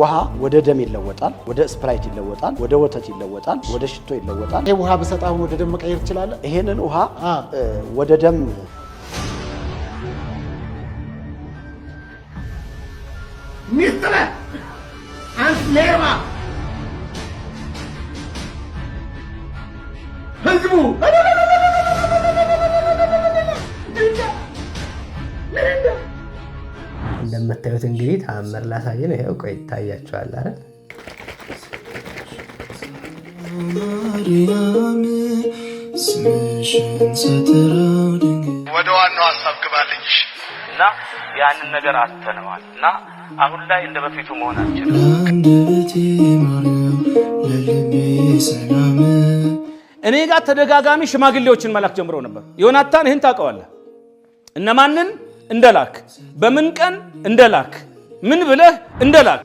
ውሃ ወደ ደም ይለወጣል፣ ወደ ስፕራይት ይለወጣል፣ ወደ ወተት ይለወጣል፣ ወደ ሽቶ ይለወጣል። ይሄ ውሃ ብሰጥ አሁን ወደ ደም መቀየር ይችላል። ይሄንን ውሃ ወደ ደም ሚስጥረ አንተ ሌባ ህዝቡ ምን እንደምታዩት እንግዲህ ተአምር ላሳየ ነው። ይኸው ቆይ ይታያቸዋል አይደል? ወደ ዋናው ሀሳብ ግባልኝ እና ያንን ነገር አተነዋል እና አሁን ላይ እንደ በፊቱ መሆናችን እኔ ጋር ተደጋጋሚ ሽማግሌዎችን መላክ ጀምሮ ነበር። ዮናታን ይህን ታውቀዋለህ እነማንን እንደላክ በምን ቀን እንደላክ ምን ብለህ እንደላክ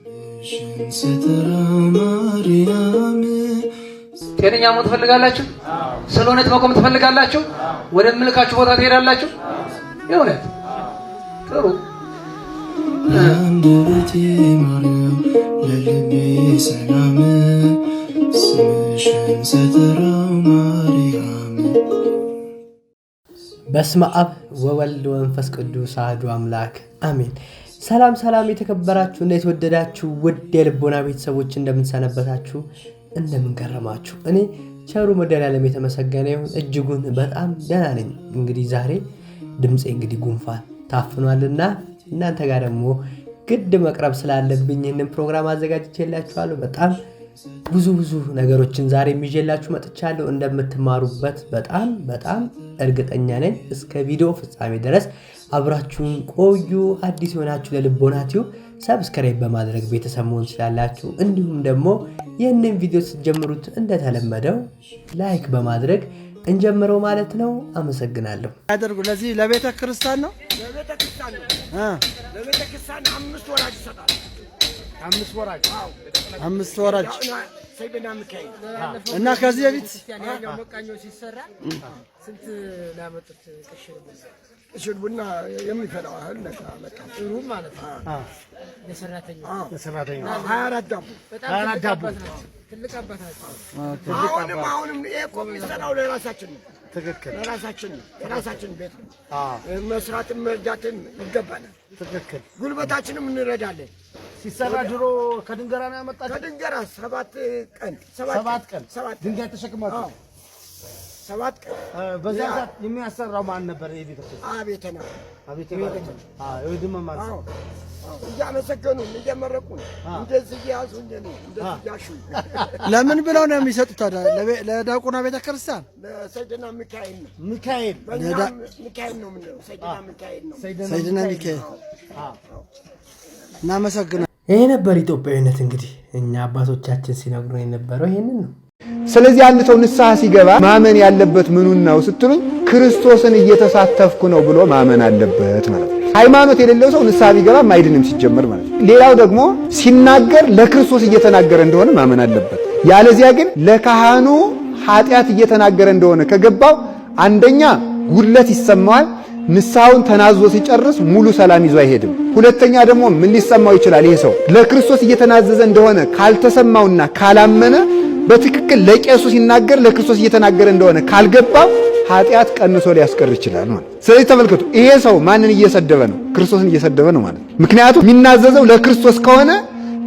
ጤነኛ መሆን ትፈልጋላችሁ? ስለ እውነት መቆም ትፈልጋላችሁ? ወደ ምልካችሁ ቦታ ትሄዳላችሁ። የእውነት ጥሩ ሰላም በስመ አብ ወወልድ ወመንፈስ ቅዱስ አህዱ አምላክ አሜን። ሰላም ሰላም፣ የተከበራችሁ እና የተወደዳችሁ ውድ የልቦና ቤተሰቦች እንደምንሰነበታችሁ፣ እንደምንገረማችሁ፣ እኔ ቸሩ መድኃኔዓለም የተመሰገነ ይሁን እጅጉን በጣም ደህና ነኝ። እንግዲህ ዛሬ ድምፄ እንግዲህ ጉንፋን ታፍኗልና እናንተ ጋር ደግሞ ግድ መቅረብ ስላለብኝ ይህንን ፕሮግራም አዘጋጅቼላችኋለሁ በጣም ብዙ ብዙ ነገሮችን ዛሬ የሚጀላችሁ መጥቻለሁ። እንደምትማሩበት በጣም በጣም እርግጠኛ ነኝ። እስከ ቪዲዮ ፍጻሜ ድረስ አብራችሁን ቆዩ። አዲስ የሆናችሁ ለልቦና ቲዩብ ሰብስክራይብ በማድረግ ቤተሰብ መሆን ስላላችሁ፣ እንዲሁም ደግሞ ይህንን ቪዲዮ ስትጀምሩት እንደተለመደው ላይክ በማድረግ እንጀምረው ማለት ነው። አመሰግናለሁ። ያደርጉ ለዚህ ለቤተ ክርስቲያን ነው ለቤተ ክርስቲያን ነው ለቤተ ክርስቲያን አምስት ወራጅ ይሰጣል አምስት ወራጅ እና ከዚህ በፊት ቅሽር ቡና የሚፈላው እህል ነካ ጥሩ ማለት ነው። ለሰራተኛ ለሰራተኛ ሀያ አራት ዳቦ ሀያ አራት ዳቦ ትልቅ አሁንም አሁንም ይሄ እኮ የሚሰራው ለራሳችን ነው። ትክክል ቤት ነው። መስራትም ይገባናል። ትክክል ጉልበታችንም እንረዳለን። ሲሰራ ድሮ ከድንገራ ነው ያመጣችው። ከድንገራ ሰባት ቀን ሰባት ቀን ድንጋይ ተሸክማችሁ ሰባት ቀን። በዛ ሰዓት የሚያሰራው ማን ነበር? የቤተክርስቲያን አቤተ ማርያም አቤተ ማርያም አዎ፣ የወድመ ማርያም እያመሰገኑ እየመረቁ እንደዚህ እየያዙ እንደዚህ ያሹ። ለምን ብለው ነው የሚሰጡት? ለዳቁና ቤተክርስቲያን ለሰይድና ሚካኤል ነው። ሚካኤል ሚካኤል ነው። ሰይድና ሚካኤል ነው። ሰይድና ሚካኤል እናመሰግናለን። ይሄ ነበር ኢትዮጵያዊነት። እንግዲህ እኛ አባቶቻችን ሲነግሩ የነበረው ይህንን ነው። ስለዚህ አንድ ሰው ንስሐ ሲገባ ማመን ያለበት ምኑን ነው ስትሉኝ፣ ክርስቶስን እየተሳተፍኩ ነው ብሎ ማመን አለበት ማለት ነው። ሃይማኖት የሌለው ሰው ንስሐ ቢገባ ማይድንም ሲጀመር ማለት ነው። ሌላው ደግሞ ሲናገር ለክርስቶስ እየተናገረ እንደሆነ ማመን አለበት። ያለዚያ ግን ለካህኑ ኃጢአት እየተናገረ እንደሆነ ከገባው አንደኛ ጉድለት ይሰማዋል። ንስሐውን ተናዞ ሲጨርስ ሙሉ ሰላም ይዞ አይሄድም። ሁለተኛ ደግሞ ምን ሊሰማው ይችላል? ይሄ ሰው ለክርስቶስ እየተናዘዘ እንደሆነ ካልተሰማውና ካላመነ በትክክል ለቄሱ ሲናገር ለክርስቶስ እየተናገረ እንደሆነ ካልገባው ኃጢአት ቀንሶ ሊያስቀር ይችላል ማለት። ስለዚህ ተመልከቱ፣ ይሄ ሰው ማንን እየሰደበ ነው? ክርስቶስን እየሰደበ ነው ማለት። ምክንያቱም የሚናዘዘው ለክርስቶስ ከሆነ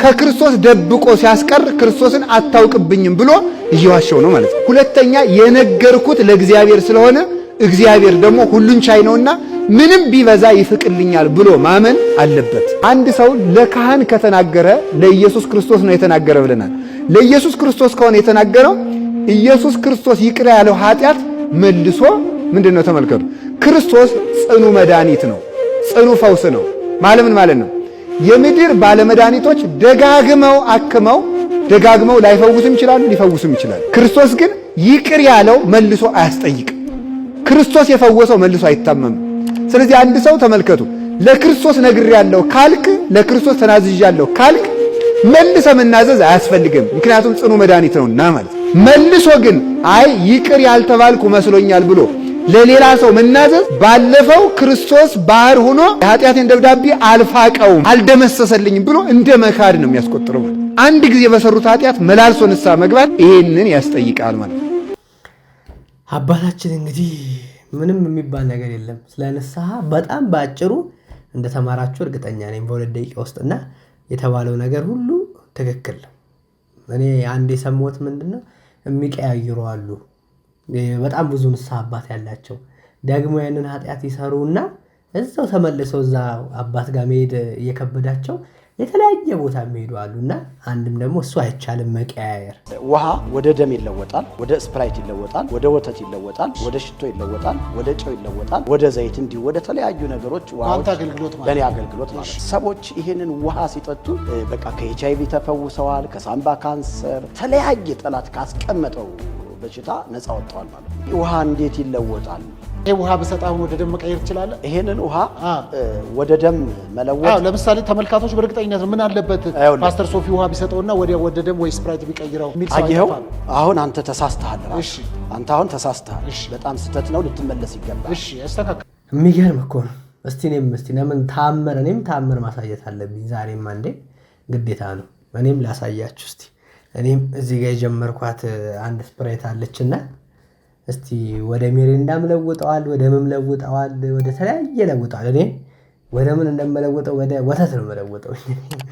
ከክርስቶስ ደብቆ ሲያስቀር ክርስቶስን አታውቅብኝም ብሎ እየዋሸው ነው ማለት ነው። ሁለተኛ የነገርኩት ለእግዚአብሔር ስለሆነ እግዚአብሔር ደግሞ ሁሉን ቻይ ነውና ምንም ቢበዛ ይፍቅልኛል ብሎ ማመን አለበት። አንድ ሰው ለካህን ከተናገረ ለኢየሱስ ክርስቶስ ነው የተናገረ ብለናል። ለኢየሱስ ክርስቶስ ከሆነ የተናገረው ኢየሱስ ክርስቶስ ይቅር ያለው ኃጢአት መልሶ ምንድን ነው? ተመልከቱ። ክርስቶስ ጽኑ መድኃኒት ነው፣ ጽኑ ፈውስ ነው። ማለት ምን ማለት ነው? የምድር ባለመድኃኒቶች ደጋግመው አክመው ደጋግመው ላይፈውሱም ይችላሉ፣ ሊፈውሱም ይችላሉ። ክርስቶስ ግን ይቅር ያለው መልሶ አያስጠይቅም። ክርስቶስ የፈወሰው መልሶ አይታመም። ስለዚህ አንድ ሰው ተመልከቱ፣ ለክርስቶስ ነግሬያለሁ ካልክ፣ ለክርስቶስ ተናዝዣለሁ ካልክ መልሰ መናዘዝ አያስፈልግም። ምክንያቱም ጽኑ መድኃኒት ነውና ማለት መልሶ ግን አይ ይቅር ያልተባልኩ መስሎኛል ብሎ ለሌላ ሰው መናዘዝ ባለፈው ክርስቶስ ባህር ሆኖ የኃጢአቴን ደብዳቤ አልፋቀውም አልደመሰሰልኝም ብሎ እንደ መካድ ነው የሚያስቆጥረው። አንድ ጊዜ በሰሩት ኃጢአት መላልሶ ንስሐ መግባት ይሄንን ያስጠይቃል ማለት ነው። አባታችን እንግዲህ ምንም የሚባል ነገር የለም። ስለ ንስሐ በጣም በአጭሩ እንደተማራችሁ እርግጠኛ ነኝ በሁለት ደቂቃ ውስጥ እና የተባለው ነገር ሁሉ ትክክል። እኔ አንድ የሰማሁት ምንድን ነው የሚቀያይሩ አሉ። በጣም ብዙ ንስሐ አባት ያላቸው ደግሞ ያንን ኃጢአት ይሰሩና እዛው ተመልሰው እዛ አባት ጋር መሄድ እየከበዳቸው የተለያየ ቦታ የሚሄዱ አሉ እና አንድም ደግሞ እሱ አይቻልም መቀያየር። ውሃ ወደ ደም ይለወጣል፣ ወደ ስፕራይት ይለወጣል፣ ወደ ወተት ይለወጣል፣ ወደ ሽቶ ይለወጣል፣ ወደ ጨው ይለወጣል፣ ወደ ዘይት፣ እንዲሁ ወደ ተለያዩ ነገሮች ለእኔ አገልግሎት ማለት ነው። ሰዎች ይህንን ውሃ ሲጠጡ በቃ ከኤች አይቪ ተፈውሰዋል፣ ከሳምባ ካንሰር ተለያየ ጠላት ካስቀመጠው በሽታ ነፃ ወጥተዋል ማለት ነው። ውሃ እንዴት ይለወጣል? ይሄ ውሃ ብሰጥ ወደ ደም መቀየር ይችላል። ይሄንን ውሃ ወደ ደም መለወጥ ለምሳሌ ተመልካቶች በእርግጠኝነት ምን አለበት ፓስተር ሶፊ ውሃ ቢሰጠውና ወደ ወደ ደም ወይ ስፕራይት ቢቀይረው ሚል ሰው አሁን አንተ ተሳስተሃል። እሺ አንተ አሁን ተሳስተሃል። በጣም ስህተት ነው፣ ልትመለስ ይገባል። እሺ አስተካክል። የሚገርም እኮ ነው። እስቲ እኔም እስቲ ለምን ታምር እኔም ታምር ማሳየት አለብኝ ዛሬም አንዴ ግዴታ ነው። እኔም ላሳያችሁ እስቲ እኔም እዚህ ጋር የጀመርኳት አንድ ስፕራይት አለችና እስቲ ወደ ሚሪንዳም ለውጠዋል ወደ ምም ለውጠዋል ወደ ተለያየ ለውጠዋል። እኔ ወደ ምን እንደምለውጠው ወደ ወተት ነው መለውጠው።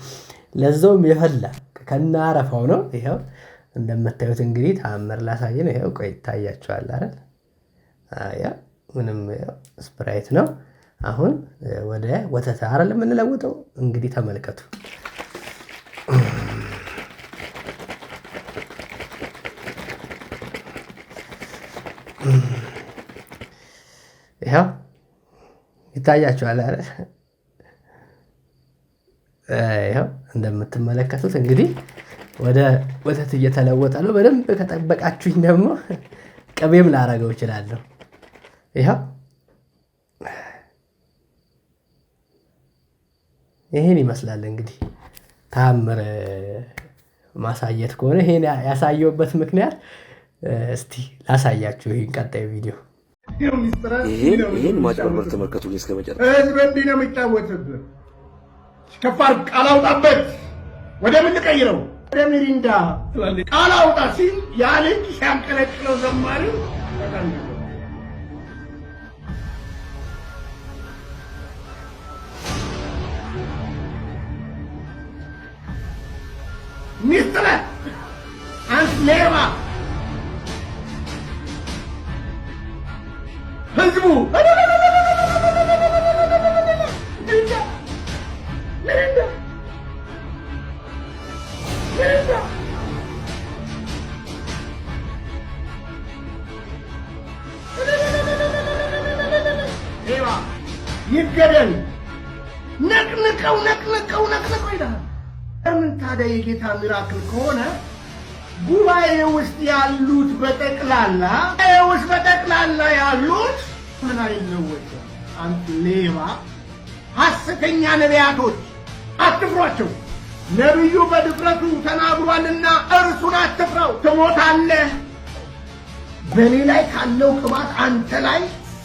ለዛውም የፈላ ከናረፋው ነው። ይኸው እንደምታዩት እንግዲህ ተአምር ላሳይ ነው። ይኸው ቆይ ይታያችኋል አይደል? ያ ምንም ስፕራይት ነው። አሁን ወደ ወተት አይደል የምንለውጠው። እንግዲህ ተመልከቱ። ይታያቸዋል። አረ ይኸው እንደምትመለከቱት እንግዲህ ወደ ወተት እየተለወጠ ነው። በደንብ ከጠበቃችሁኝ ደግሞ ቅቤም ላረገው ይችላለሁ ይኸው ይህን ይመስላል እንግዲህ ታምር ማሳየት ከሆነ ይሄን ያሳየውበት ምክንያት እስቲ ላሳያችሁ። ይህን ቀጣይ ቪዲዮ ይህን ማጭበርበር ተመልከቱኝ እስከ መጨረሻ። ነው የሚጫወትብህ። ከፋር ቃል አውጣበት። ወደ ምን ልቀይረው? ወደ ሚሪንዳ ቃል አውጣ ሲል ያ ልጅ ሲያንቀለቅለው ዘማሪው ሚስጥረ አንስ ሌባ ህዝቡ ይገደል። ነቅንቀው ነቅንቀው ነቅንቀው ይላል። ምን ታዲያ የጌታ ሚራክል ከሆነ ጉባኤ ውስጥ ያሉት በጠቅላላ ጉባኤ ውስጥ በጠቅላላ ያሉት ምን አይለወጥም። አንተ ሌባ፣ ሐሰተኛ ነቢያቶች አትፍሯቸው። ነቢዩ በድፍረቱ ተናግሯልና እርሱን አትፍራው፣ ትሞታለህ። በእኔ ላይ ካለው ቅባት አንተ ላይ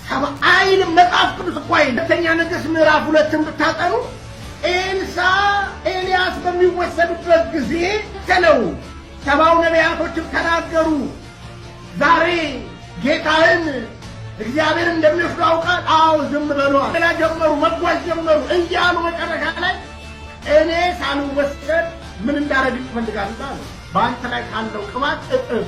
ሰባ አይል መጽሐፍ ቅዱስ እኮ አይል ሁለተኛ ነገሥት ምዕራፍ ሁለትን ብታጠኑ ኤልሳ ኤልያስ በሚወሰዱበት ጊዜ ተለው ሰባው ነቢያቶችም ተናገሩ። ዛሬ ጌታህን እግዚአብሔር እንደሚወስዱ አውቃል። አዎ ዝም በለዋል። ገና ጀመሩ መጓዝ ጀመሩ እያሉ መጨረሻ ላይ እኔ ሳልወሰድ ምን እንዳረግ ይፈልጋል አለ። በአንተ ላይ ካለው ቅባት እጥፍ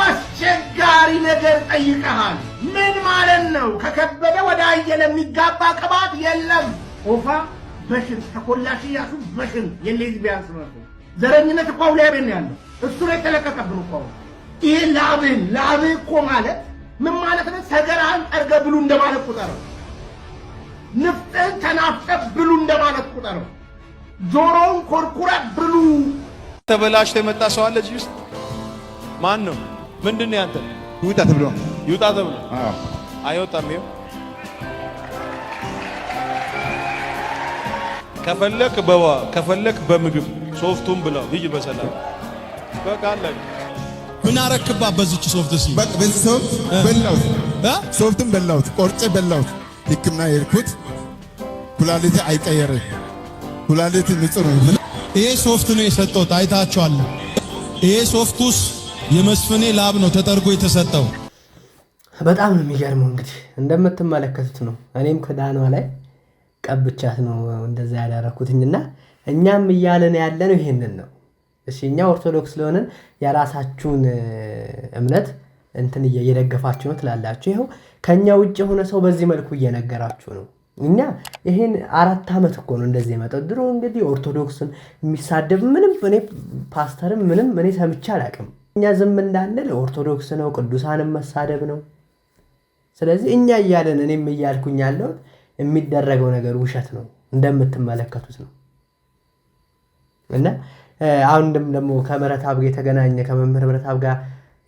አስቸጋሪ ነገር ጠይቀሃል። ምን ማለት ነው? ከከበደ ወደ አየለ የሚጋባ ቅባት የለም። ኦፋ በሽን ተኮላሽ እያሱ በሽን የሌዝ ቢያንስ መርቶ ዘረኝነት እኮ አሁን ያቤን ያለው። እሱ ላይ ተለቀቀብን እኮ አሁን። ይሄ ላብን ላብ እኮ ማለት ምን ማለት ነው? ሰገራን ጠርገ ብሉ እንደማለት ቁጠረው። ንፍጥን ተናፍጠህ ብሉ እንደማለት ቁጠረው። ጆሮውን ኮርኩረህ ብሉ። ተበላሽቶ የመጣ ሰው አለ እዚህ ውስጥ ማን ነው? ምንድን ነው ያንተ? ይውጣ ተብሎ ይውጣ ተብሎ አይወጣም። ይኸው ከፈለክ በዋ ከፈለክ በምግብ ሶፍቱን ብለው ብይ መሰላ በቃ አለ። ምን አረክባ በዚች ሶፍት ሲ በቃ በዚ ሶፍት በላሁት፣ ሶፍቱን በላሁት፣ ቆርጬ በላሁት። ሕክምና የሄድኩት ኩላሊቴ አይቀየረ፣ ኩላሊቴ ንጹህ ነው። ይሄ ሶፍት ነው የሰጠሁት፣ አይታችኋል። ይሄ ሶፍቱስ የመስፍኔ ላብ ነው ተጠርጎ የተሰጠው። በጣም ነው የሚገርመው። እንግዲህ እንደምትመለከቱት ነው። እኔም ከዳኗ ላይ ቀብቻት ነው እንደዛ ያደረኩትኝና እኛም እያለን ያለነው ይሄንን ነው። እሺ እኛ ኦርቶዶክስ ስለሆንን የራሳችሁን እምነት እንትን እየደገፋችሁ ነው ትላላችሁ። ይኸው ከእኛ ውጭ የሆነ ሰው በዚህ መልኩ እየነገራችሁ ነው። እኛ ይሄን አራት ዓመት እኮ ነው እንደዚህ የመጣው። ድሮ እንግዲህ ኦርቶዶክስን የሚሳደብ ምንም እኔ ፓስተርም ምንም እኔ ሰምቼ አላቅም። እኛ ዝም እንዳንል ኦርቶዶክስ ነው ቅዱሳንም መሳደብ ነው። ስለዚህ እኛ እያለን እኔም እያልኩኝ ያለሁት የሚደረገው ነገር ውሸት ነው፣ እንደምትመለከቱት ነው። እና አሁንም ደግሞ ከምሕረተአብ ጋር የተገናኘ ከመምህር አብ ጋር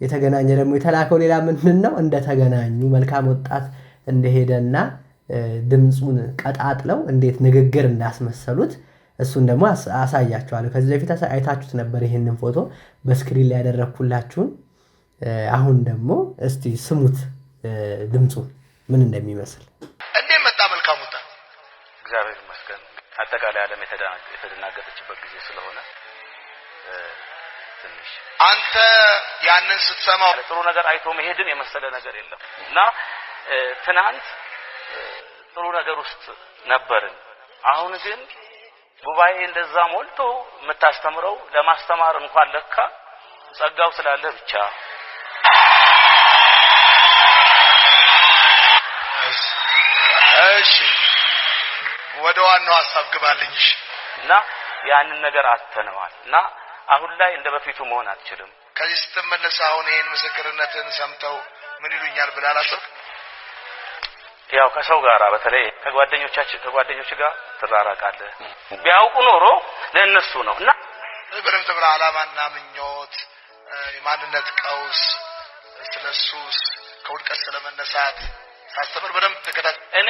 የተገናኘ ደግሞ የተላከው ሌላ ምንድን ነው? እንደተገናኙ መልካም ወጣት እንደሄደና ድምፁን ቀጣጥለው እንዴት ንግግር እንዳስመሰሉት እሱን ደግሞ አሳያችኋለሁ። ከዚህ በፊት አይታችሁት ነበር ይህንን ፎቶ በስክሪን ላይ ያደረግኩላችሁን። አሁን ደግሞ እስቲ ስሙት ድምፁ ምን እንደሚመስል አጠቃላይ ዓለም የተደናገጠችበት ጊዜ ስለሆነ ትንሽ አንተ ያንን ስትሰማው ጥሩ ነገር አይቶ መሄድን የመሰለ ነገር የለም እና ትናንት ጥሩ ነገር ውስጥ ነበርን። አሁን ግን ጉባኤ እንደዛ ሞልቶ የምታስተምረው ለማስተማር እንኳን ለካ ጸጋው ስላለ ብቻ እሺ ወደ ዋናው ሀሳብ ግባልኝ። እሺ። እና ያንን ነገር አተነዋል እና አሁን ላይ እንደ በፊቱ መሆን አትችልም። ከዚህ ስትመለስ አሁን ይህን ምስክርነትን ሰምተው ምን ይሉኛል ብለህ አላሰብክ? ያው ከሰው ጋር በተለይ ከጓደኞቻችን ከጓደኞች ጋር ትራራቃለህ። ቢያውቁ ኖሮ ለእነሱ ነው እና በደምብ ተብራ ዓላማና ምኞት፣ የማንነት ቀውስ፣ ስለ ሱስ፣ ከውድቀት ስለመነሳት ታስተምር በደንብ ተከታተል። እኔ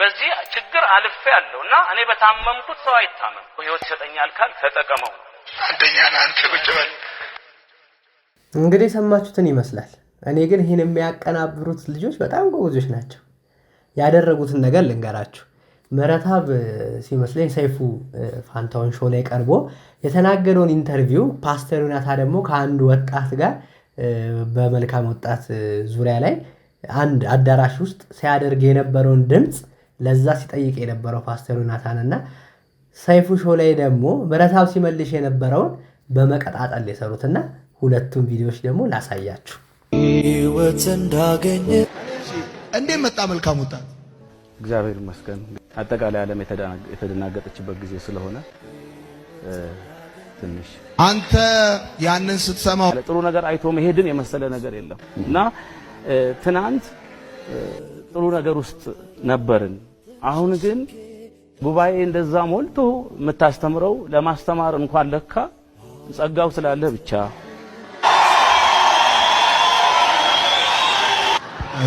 በዚህ ችግር አልፌ ያለው እና እኔ በታመምኩት ሰው አይታመም። ህይወት ይሰጠኛል ካል ተጠቀመው። አንደኛ አንተ ቁጭ በል እንግዲህ የሰማችሁትን ይመስላል። እኔ ግን ይህን የሚያቀናብሩት ልጆች በጣም ጎበዞች ናቸው። ያደረጉትን ነገር ልንገራችሁ። ምህረተአብ ሲመስለኝ ሰይፉ ፋንታውን ሾው ላይ ቀርቦ የተናገረውን ኢንተርቪው ፓስተር ዮናታ ደግሞ ከአንድ ወጣት ጋር በመልካም ወጣት ዙሪያ ላይ አንድ አዳራሽ ውስጥ ሲያደርግ የነበረውን ድምፅ ለዛ ሲጠይቅ የነበረው ፓስተሩ ናታን እና ሰይፉ ሾ ላይ ደግሞ በረታብ ሲመልሽ የነበረውን በመቀጣጠል የሰሩትና ሁለቱም ቪዲዮዎች ደግሞ ላሳያችሁ። ህይወት እንዳገኘ እንዴት መጣ መልካም ወጣት እግዚአብሔር ይመስገን። አጠቃላይ ዓለም የተደናገጠችበት ጊዜ ስለሆነ ትንሽ አንተ ያንን ስትሰማው ጥሩ ነገር አይቶ መሄድን የመሰለ ነገር የለም እና ትናንት ጥሩ ነገር ውስጥ ነበርን። አሁን ግን ጉባኤ እንደዛ ሞልቶ የምታስተምረው ለማስተማር እንኳን ለካ ጸጋው ስላለ ብቻ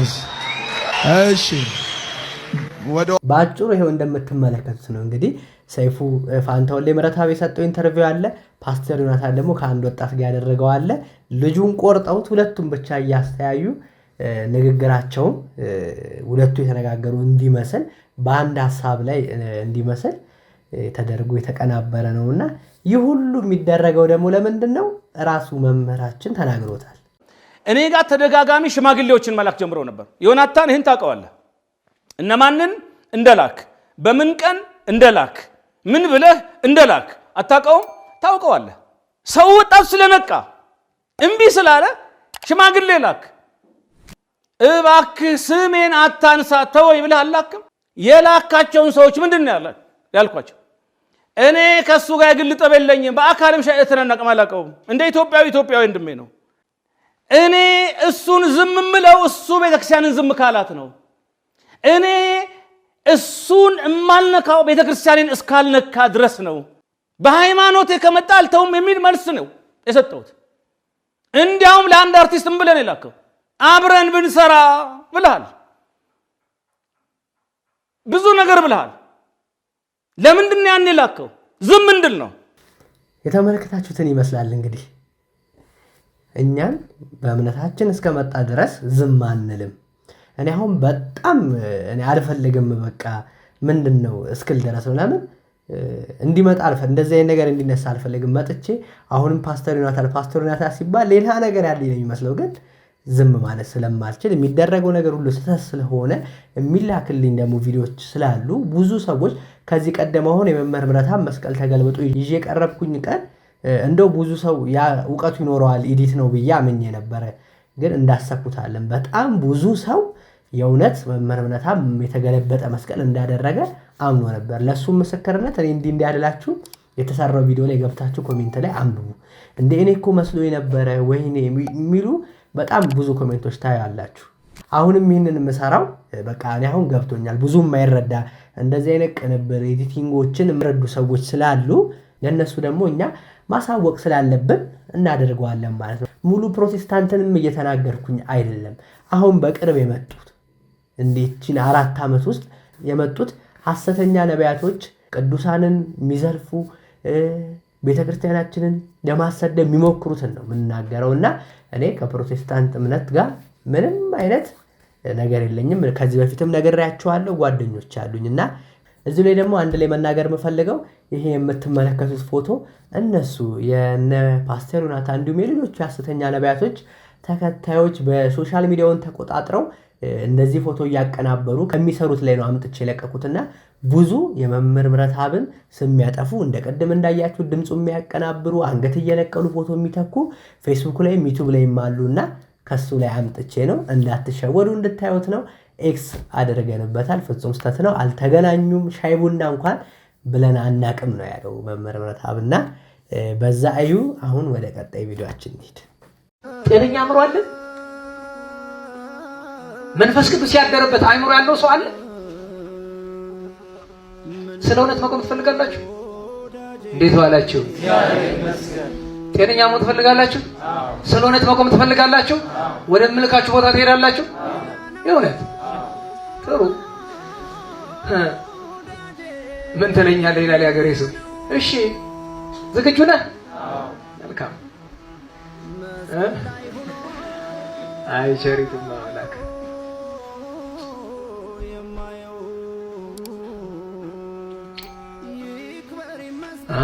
እሺ በአጭሩ ይሄው እንደምትመለከቱት ነው እንግዲህ ሰይፉ ፋንታውን ለምረታዊ የሰጠው ኢንተርቪው አለ። ፓስተር ዮናታን ደግሞ ከአንድ ወጣት ጋር ያደረገው አለ። ልጁን ቆርጠውት ሁለቱም ብቻ እያስተያዩ ንግግራቸውን ሁለቱ የተነጋገሩ እንዲመስል በአንድ ሀሳብ ላይ እንዲመስል ተደርጎ የተቀናበረ ነው እና ይህ ሁሉ የሚደረገው ደግሞ ለምንድን ነው? ራሱ መምህራችን ተናግሮታል። እኔ ጋር ተደጋጋሚ ሽማግሌዎችን መላክ ጀምሮ ነበር። ዮናታን ይህን ታውቀዋለህ። እነማንን እንደላክ፣ በምን ቀን እንደላክ፣ ምን ብለህ እንደላክ አታውቀውም። ታውቀዋለህ። ሰው ወጣቱ ስለነቃ እምቢ ስላለ ሽማግሌ ላክ እባክህ ስሜን አታንሳ ተወይ ብለህ አላክም። የላካቸውን ሰዎች ምንድን ነው ያልኳቸው? እኔ ከእሱ ጋር የግል ጠብ የለኝም። በአካልም ተናናቅም አላውቀውም። እንደ ኢትዮጵያዊ ኢትዮጵያዊ ወንድሜ ነው። እኔ እሱን ዝም ምለው እሱ ቤተክርስቲያንን ዝም ካላት ነው። እኔ እሱን እማልነካው ቤተክርስቲያንን እስካልነካ ድረስ ነው። በሃይማኖቴ ከመጣ አልተውም የሚል መልስ ነው የሰጠሁት። እንዲያውም ለአንድ አርቲስት ምን ብለን የላከው አብረን ብንሰራ ብልሃል። ብዙ ነገር ብልሃል። ለምንድን ያን የላከው? ዝም ምንድን ነው? የተመለከታችሁትን ይመስላል እንግዲህ እኛን በእምነታችን እስከመጣ ድረስ ዝም አንልም። እኔ አሁን በጣም እኔ አልፈልግም በቃ ምንድን ነው እስክል ድረስ ምናምን እንዲመጣ አልፈ እንደዚህ አይነት ነገር እንዲነሳ አልፈልግም። መጥቼ አሁንም ፓስተር ዮናታን ፓስተር ዮናታን ሲባል ሌላ ነገር ያለ ነው የሚመስለው ግን ዝም ማለት ስለማልችል የሚደረገው ነገር ሁሉ ስህተት ስለሆነ የሚላክልኝ ደግሞ ቪዲዮዎች ስላሉ ብዙ ሰዎች ከዚህ ቀደም አሁን የመምህር ምረታን መስቀል ተገልብጦ ይዤ የቀረብኩኝ ቀን እንደው ብዙ ሰው እውቀቱ ይኖረዋል ኢዲት ነው ብዬ አምኜ ነበረ። ግን እንዳሰኩታለን በጣም ብዙ ሰው የእውነት መምህር ምረታን የተገለበጠ መስቀል እንዳደረገ አምኖ ነበር። ለእሱም ምስክርነት እኔ እንዲህ እንዲያደላችሁ የተሰራው ቪዲዮ ላይ ገብታችሁ ኮሜንት ላይ አንብቡ። እንደ እኔ እኮ መስሎ የነበረ ወይኔ የሚሉ በጣም ብዙ ኮሜንቶች ታያላችሁ። አሁንም ይህንን የምሰራው በቃ እኔ አሁን ገብቶኛል። ብዙ የማይረዳ እንደዚህ አይነት ቅንብር ኤዲቲንጎችን የምረዱ ሰዎች ስላሉ ለእነሱ ደግሞ እኛ ማሳወቅ ስላለብን እናደርገዋለን ማለት ነው። ሙሉ ፕሮቴስታንትንም እየተናገርኩኝ አይደለም። አሁን በቅርብ የመጡት እንዴችን አራት ዓመት ውስጥ የመጡት ሐሰተኛ ነቢያቶች ቅዱሳንን የሚዘልፉ ቤተክርስቲያናችንን ለማሰደብ የሚሞክሩትን ነው የምናገረው። እና እኔ ከፕሮቴስታንት እምነት ጋር ምንም አይነት ነገር የለኝም። ከዚህ በፊትም ነግሬያችኋለሁ፣ ጓደኞች አሉኝ እና እዚህ ላይ ደግሞ አንድ ላይ መናገር የምፈልገው ይሄ የምትመለከቱት ፎቶ እነሱ የነ ፓስተር ዮናታን እንዲሁም የሌሎቹ የሐሰተኛ ነቢያቶች ተከታዮች በሶሻል ሚዲያውን ተቆጣጥረው እንደዚህ ፎቶ እያቀናበሩ ከሚሰሩት ላይ ነው አምጥቼ የለቀኩትና ብዙ የመምህር ምረት ሀብን ስሚያጠፉ እንደ ቅድም እንዳያችሁ ድምፁ የሚያቀናብሩ አንገት እየነቀሉ ፎቶ የሚተኩ ፌስቡክ ላይ ዩቱብ ላይም አሉና ከሱ ላይ አምጥቼ ነው እንዳትሸወዱ እንድታዩት ነው። ኤክስ አድርገንበታል። ፍጹም ስተት ነው። አልተገናኙም ሻይ ቡና እንኳን ብለን አናቅም ነው ያለው መምህር ሀብና በዛ እዩ። አሁን ወደ ቀጣይ ቪዲዮችን እንሂድ። ጤነኛ አእምሮ አለ? መንፈስ ቅዱስ ያደረበት አእምሮ ያለው ሰው አለ? ስለ እውነት መቆም ትፈልጋላችሁ? እንዴት ዋላችሁ? ጤነኛ መሆን ትፈልጋላችሁ? ስለ እውነት መቆም ትፈልጋላችሁ? ወደ ምልካችሁ ቦታ ትሄዳላችሁ? የእውነት ጥሩ። ምን ትለኛለህ ይላል የሀገሬ ሰው። እሺ ዝግጁ ነህ? አይ ሸሪቱ ማምላክ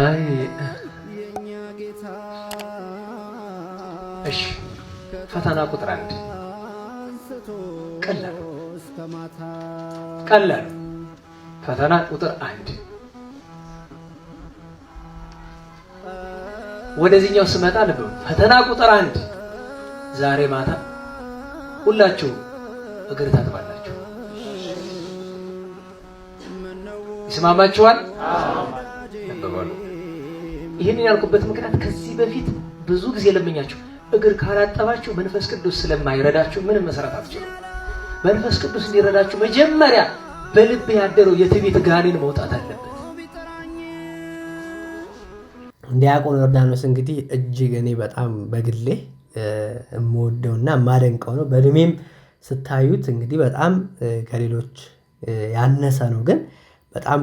አይ እሺ፣ ፈተና ቁጥር አንድ ቀላል ቀላል ፈተና ቁጥር አንድ ወደዚህኛው ስመጣ ልብ ፈተና ቁጥር አንድ ዛሬ ማታ ሁላችሁ እግር ታጥባላችሁ። ይስማማችኋል? ይህንን ያልኩበት ምክንያት ከዚህ በፊት ብዙ ጊዜ ለምኛችሁ እግር ካላጠባችሁ መንፈስ ቅዱስ ስለማይረዳችሁ ምንም መሰራት አትችሉ። መንፈስ ቅዱስ እንዲረዳችሁ መጀመሪያ በልብ ያደረው የትዕቢት ጋኔን መውጣት አለበት። ዲያቆን ዮርዳኖስ እንግዲህ እጅግ እኔ በጣም በግሌ የምወደውና የማደንቀው ነው። በእድሜም ስታዩት እንግዲህ በጣም ከሌሎች ያነሰ ነው፣ ግን በጣም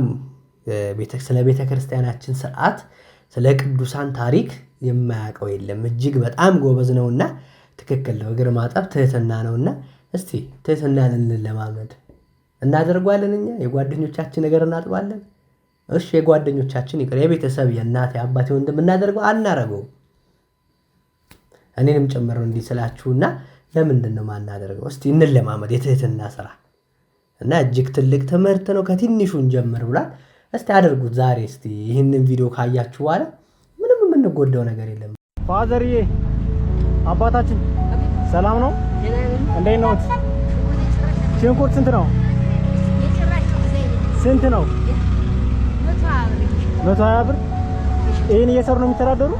ስለ ቤተ ክርስቲያናችን ስርዓት፣ ስለ ቅዱሳን ታሪክ የማያውቀው የለም። እጅግ በጣም ጎበዝ እና ትክክል ነው። እግር ማጠብ ትህትና እና እስቲ ትህትናን እንለማመድ። እናደርጓለን እኛ የጓደኞቻችን እግር እናጥባለን። እሺ የጓደኞቻችን ይቅር የቤተሰብ የእናት የአባት ወንድም እናደርገው አናረገው እኔንም ጨምረው እንዲህ ስላችሁና ለምንድን ነው ማናደርገው? እስቲ እንለማመድ የትህትና ስራ እና እጅግ ትልቅ ትምህርት ነው። ከትንሹን ጀምር ብሏል። እስቲ አድርጉት ዛሬ። እስቲ ይህንን ቪዲዮ ካያችሁ በኋላ ምንም የምንጎዳው ነገር የለም። ፋዘርዬ አባታችን ሰላም ነው? እንዴት ነው? ሽንኩርት ስንት ነው? ስንት ነው? መቶ ሀያ ብር ይህን እየሰሩ ነው የሚተዳደሩ።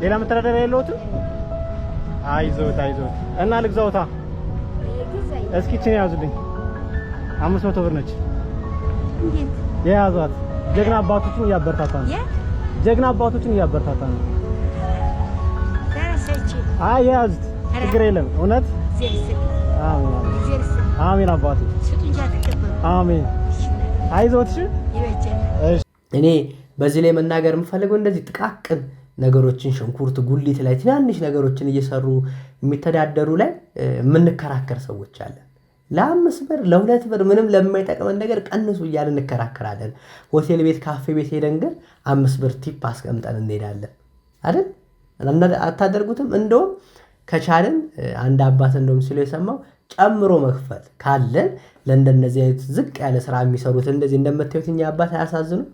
ሌላ መተዳደሪያ ያለውት አይዞት አይዞት። እና ልግዛውታ እስኪ ችን ያዙልኝ። አምስት መቶ ብር ነች የያዟት። ጀግና አባቶችን እያበረታታ ነው። ጀግና አባቶችን እያበረታታ ነው። አይ የያዙት ችግር የለም። እውነት አሜን አባቴ አሜን። አይዞት እሺ እኔ በዚህ ላይ መናገር የምፈልገው እንደዚህ ጥቃቅን ነገሮችን ሽንኩርት ጉሊት ላይ ትናንሽ ነገሮችን እየሰሩ የሚተዳደሩ ላይ የምንከራከር ሰዎች አለን። ለአምስት ብር ለሁለት ብር ምንም ለማይጠቅመን ነገር ቀንሱ እያል እንከራከራለን። ሆቴል ቤት፣ ካፌ ቤት ሄደን ግን አምስት ብር ቲፕ አስቀምጠን እንሄዳለን አይደል? አታደርጉትም? እንደውም ከቻልን አንድ አባት እንደውም ሲሉ የሰማው ጨምሮ መክፈል ካለን ለእንደነዚህ አይነት ዝቅ ያለ ስራ የሚሰሩት እንደዚህ እንደምታዩት እኛ አባት አያሳዝኑም?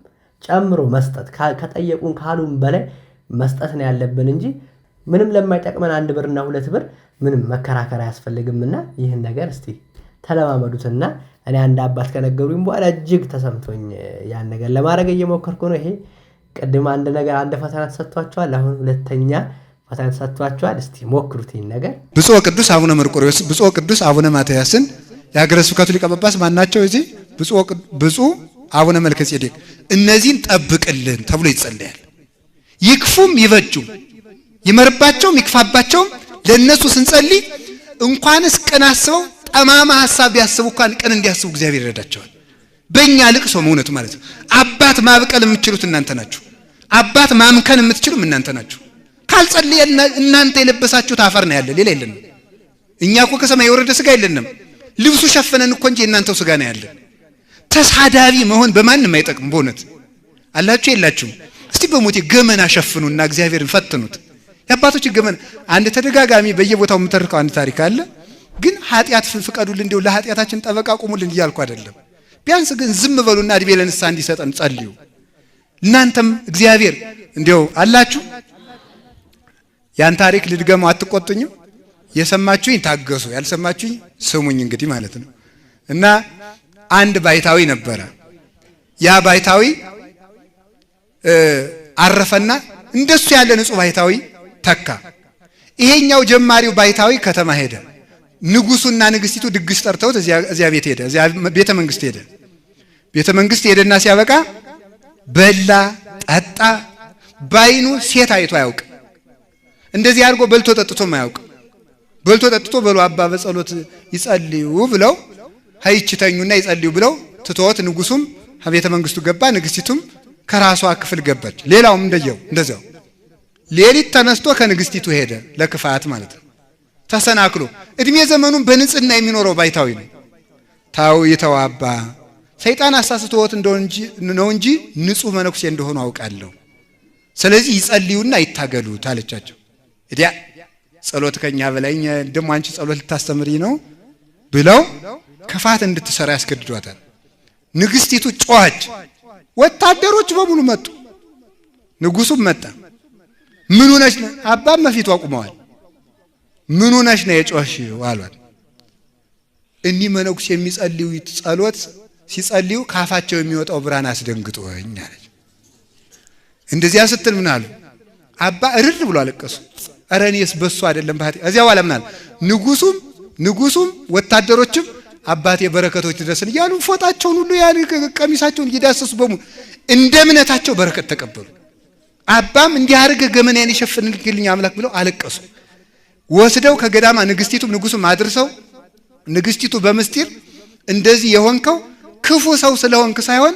ጨምሮ መስጠት ከጠየቁን ካሉን በላይ መስጠት ነው ያለብን እንጂ ምንም ለማይጠቅመን አንድ ብርና ሁለት ብር ምንም መከራከር አያስፈልግምና ይህን ነገር እስቲ ተለማመዱትና እኔ አንድ አባት ከነገሩኝ በኋላ እጅግ ተሰምቶኝ ያን ነገር ለማድረግ እየሞከርኩ ነው። ይሄ ቅድም አንድ ነገር አንድ ፈተና ተሰጥቷቸዋል። አሁን ሁለተኛ ፈተና ተሰጥቷቸዋል። እስቲ ሞክሩት ይህን ነገር። ብፁዕ ቅዱስ አቡነ መርቆሬዎስ፣ ብፁዕ ቅዱስ አቡነ ማትያስን የሀገረ ስብከቱ ሊቀ ጳጳስ ማን ናቸው? እዚህ ብፁዕ አቡነ መልከ ጼዴቅ እነዚህን ጠብቅልን ተብሎ ይጸለያል። ይክፉም ይበጁም፣ ይመርባቸውም ይክፋባቸውም ለእነሱ ስንጸልይ እንኳንስ ቅን አስበው ጠማማ ሀሳብ ቢያስቡ እንኳን ቅን እንዲያስቡ እግዚአብሔር ይረዳቸዋል። በእኛ ሰው እውነቱ ማለት ነው። አባት ማብቀል የምትችሉት እናንተ ናችሁ። አባት ማምከን የምትችሉም እናንተ ናችሁ። ካልጸልየ እናንተ የለበሳችሁት አፈር ነው ያለ፣ ሌላ የለንም። እኛ እኮ ከሰማይ የወረደ ስጋ የለንም። ልብሱ ሸፈነን እኮ እንጂ የእናንተው ስጋ ነው ያለን። ተሳዳቢ መሆን በማንም አይጠቅም። በእውነት አላችሁ የላችሁም? እስቲ በሞቴ ገመና ሸፍኑና እግዚአብሔርን ፈትኑት። የአባቶች ገመና አንድ ተደጋጋሚ በየቦታው የምተርከው አንድ ታሪክ አለ። ግን ኃጢአት ፍቀዱልን እንዲሁ ለኃጢአታችን ጠበቃ ቁሙልን እያልኩ አይደለም። ቢያንስ ግን ዝም በሉና እድሜ ለንስሐ እንዲሰጠን ጸልዩ። እናንተም እግዚአብሔር እንዲው አላችሁ። ያን ታሪክ ልድገመው፣ አትቆጡኝም? የሰማችሁኝ ታገሱ፣ ያልሰማችሁኝ ስሙኝ። እንግዲህ ማለት ነው እና አንድ ባይታዊ ነበረ። ያ ባይታዊ አረፈና እንደሱ ያለ ንጹህ ባይታዊ ተካ። ይሄኛው ጀማሪው ባይታዊ ከተማ ሄደ። ንጉሱና ንግስቲቱ ድግስ ጠርተውት እዚያ ቤት ሄደ፣ እዚያ ቤተ መንግስት ሄደ። ቤተ መንግስት ሄደና ሲያበቃ በላ ጠጣ። ባይኑ ሴት አይቶ አያውቅ። እንደዚህ አድርጎ በልቶ ጠጥቶም አያውቅ። በልቶ ጠጥቶ በሉ አባ በጸሎት ይጸልዩ ብለው ሀይችተኙና ይጸልዩ ብለው ትቶት ንጉሱም ቤተ መንግስቱ ገባ። ንግስቲቱም ከራሷ ክፍል ገባች። ሌላውም እንደየው እንደዚያው ሌሊት ተነስቶ ከንግስቲቱ ሄደ። ለክፋት ማለት ነው። ተሰናክሎ እድሜ ዘመኑን በንጽህና የሚኖረው ባይታዊ ነው። ታው የተዋባ ሰይጣን አሳስቶት ነው እንጂ ንጹህ መነኩሴ እንደሆኑ አውቃለሁ። ስለዚህ ይጸልዩና ይታገሉት አለቻቸው። እዲያ ጸሎት ከኛ በላይ ደሞ አንቺ ጸሎት ልታስተምሪ ነው ብለው ክፋት እንድትሰራ ያስገድዷታል። ንግስቲቱ ጮኸች። ወታደሮች በሙሉ መጡ። ንጉሱም መጣ። ምኑ ነሽ ነው? አባም መፊቱ አቁመዋል። ምኑ ነሽ ነው የጮኸሽው አሏት። እኒህ መነኩስ የሚጸልዩ ጸሎት ሲጸልዩ ካፋቸው የሚወጣው ብርሃን አስደንግጦኝ አለች። እንደዚያ ስትል ምን አሉ? አባ እርር ብሎ አለቀሱ። ረኔስ በሱ አይደለም ባህ እዚያ በኋላ ምናል ንጉሱም ንጉሱም ወታደሮችም አባቴ በረከቶች ድረስን እያሉ ፎጣቸውን ሁሉ ያን ቀሚሳቸውን እየዳሰሱ በሙ እንደ እምነታቸው በረከት ተቀበሉ። አባም እንዲህ አድርገ ገመናዬን የሸፈንልኝ አምላክ ብለው አለቀሱ። ወስደው ከገዳማ ንግስቲቱም ንጉሱም አድርሰው ንግስቲቱ በምስጢር እንደዚህ የሆንከው ክፉ ሰው ስለሆንክ ሳይሆን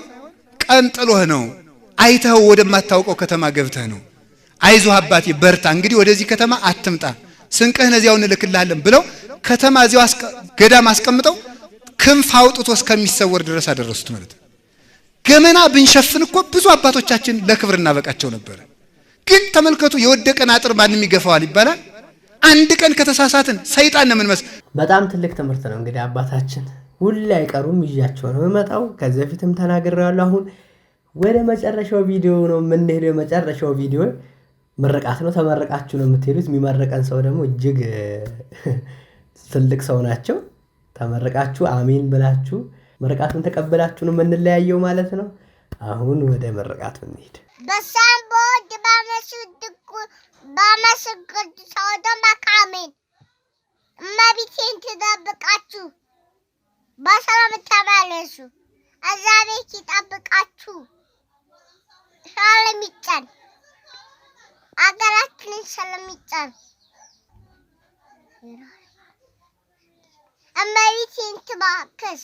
ቀንጥሎህ ነው፣ አይተኸው ወደማታውቀው ከተማ ገብተህ ነው። አይዞህ አባቴ በርታ፣ እንግዲህ ወደዚህ ከተማ አትምጣ፣ ስንቅህን እዚያው እንልክልሃለን ብለው ከተማ እዚያው ገዳም አስቀምጠው ክንፍ አውጥቶ እስከሚሰወር ድረስ አደረሱት ማለት ነው። ገመና ብንሸፍን እኮ ብዙ አባቶቻችን ለክብር እናበቃቸው ነበረ። ግን ተመልከቱ፣ የወደቀን አጥር ማንም ይገፋዋል ይባላል። አንድ ቀን ከተሳሳትን ሰይጣን ነው የምንመስል። በጣም ትልቅ ትምህርት ነው። እንግዲህ አባታችን ሁሌ አይቀሩም ይዣቸው ነው የምመጣው። ከዚህ በፊትም ተናግሬያለሁ። አሁን ወደ መጨረሻው ቪዲዮ ነው የምንሄደው። የመጨረሻው ቪዲዮ ምርቃት ነው። ተመርቃችሁ ነው የምትሄዱት። የሚመረቀን ሰው ደግሞ እጅግ ትልቅ ሰው ናቸው። ተመረቃችሁ አሜን ብላችሁ ምርቃቱን ተቀበላችሁ ነው የምንለያየው ማለት ነው። አሁን ወደ ምርቃቱ እንሂድ። በሳምቦ በመስድቁ በመስገዱ ሰውዶ መቃሜን እመቤቴን ትጠብቃችሁ፣ በሰላም ተመለሱ። እዛ ቤት ይጠብቃችሁ፣ ሰላም ይጫን፣ አገራችንን ሰላም ይጫን። እመቤቴን ትባክሽ።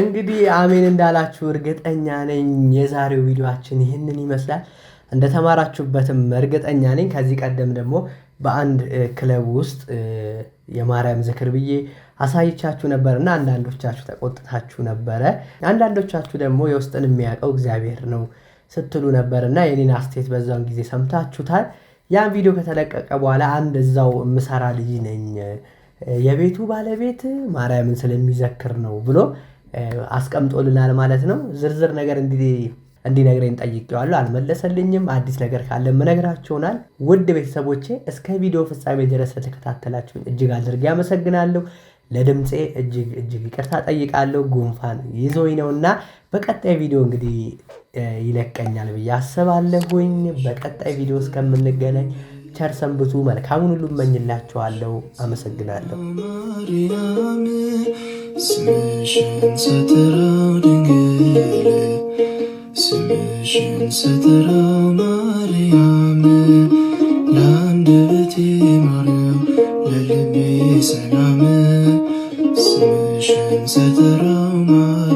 እንግዲህ አሜን እንዳላችሁ እርግጠኛ ነኝ። የዛሬው ቪዲዮአችን ይህንን ይመስላል። እንደተማራችሁበትም እርግጠኛ ነኝ። ከዚህ ቀደም ደግሞ በአንድ ክለብ ውስጥ የማርያም ዝክር ብዬ አሳይቻችሁ ነበር እና አንዳንዶቻችሁ ተቆጥታችሁ ነበረ። አንዳንዶቻችሁ ደግሞ የውስጥን የሚያውቀው እግዚአብሔር ነው ስትሉ ነበር እና የኔን አስተያየት በዛውን ጊዜ ሰምታችሁታል። ያን ቪዲዮ ከተለቀቀ በኋላ አንድ እዛው ምሰራ ልጅ ነኝ የቤቱ ባለቤት ማርያምን ስለሚዘክር ነው ብሎ አስቀምጦልናል ማለት ነው። ዝርዝር ነገር እንዲነግረኝ ጠይቄዋለሁ፣ አልመለሰልኝም። አዲስ ነገር ካለ ምነግራችሁናል። ውድ ቤተሰቦቼ እስከ ቪዲዮ ፍጻሜ ድረስ ስለተከታተላችሁኝ እጅግ አድርጌ አመሰግናለሁ። ለድምፄ እጅግ እጅግ ይቅርታ ጠይቃለሁ። ጉንፋን ይዞኝ ነው እና በቀጣይ ቪዲዮ እንግዲህ ይለቀኛል ብዬ አስባለሁኝ። በቀጣይ ቪዲዮ እስከምንገናኝ ቸር ሰንብቱ። መልካሙን ሁሉ እመኝላችኋለሁ። አመሰግናለሁ። ስምሽን ስጠራው ስምሽን ስጠራው ማርያም 灰色的路。